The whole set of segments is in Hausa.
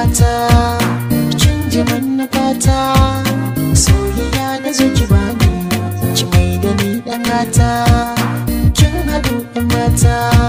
fata canje manna fata soyayya da zuci bani Ci mai da ni dan mata kin hadu mata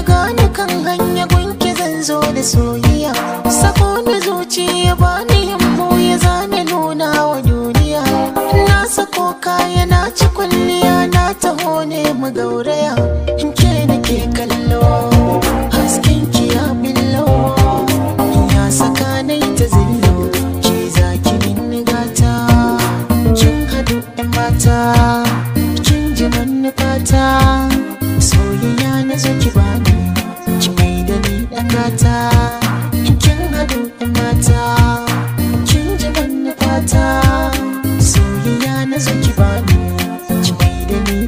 daga ni kan hanya gunki zan zo da soyayya sako ni zuciya ba ni yambo ya zane nuna wa duniya na sako kaya na ci kulliya na taho ne mu gauraya in ke nake kallo hasken ki ya billo ya saka nai ta zillo ke zaki min gata kin hadu mata kin ji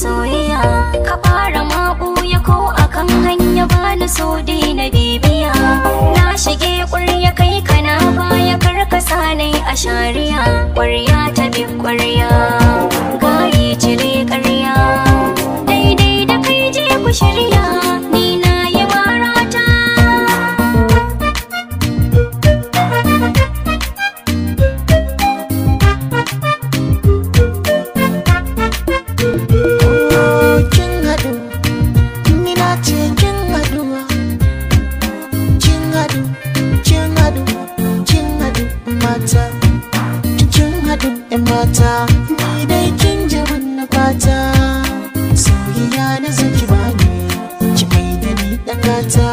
soyayya ka fara maɓuya ko akan hanya ba ni so na bibiya na shige kurya kai kana baya karkasa ne a shari'a kurya 'yan mata ni dai kin ji na fata Sauriya na zaki ne ki mai da ni ɗagata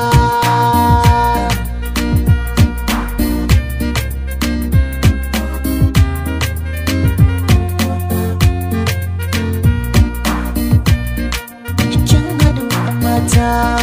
time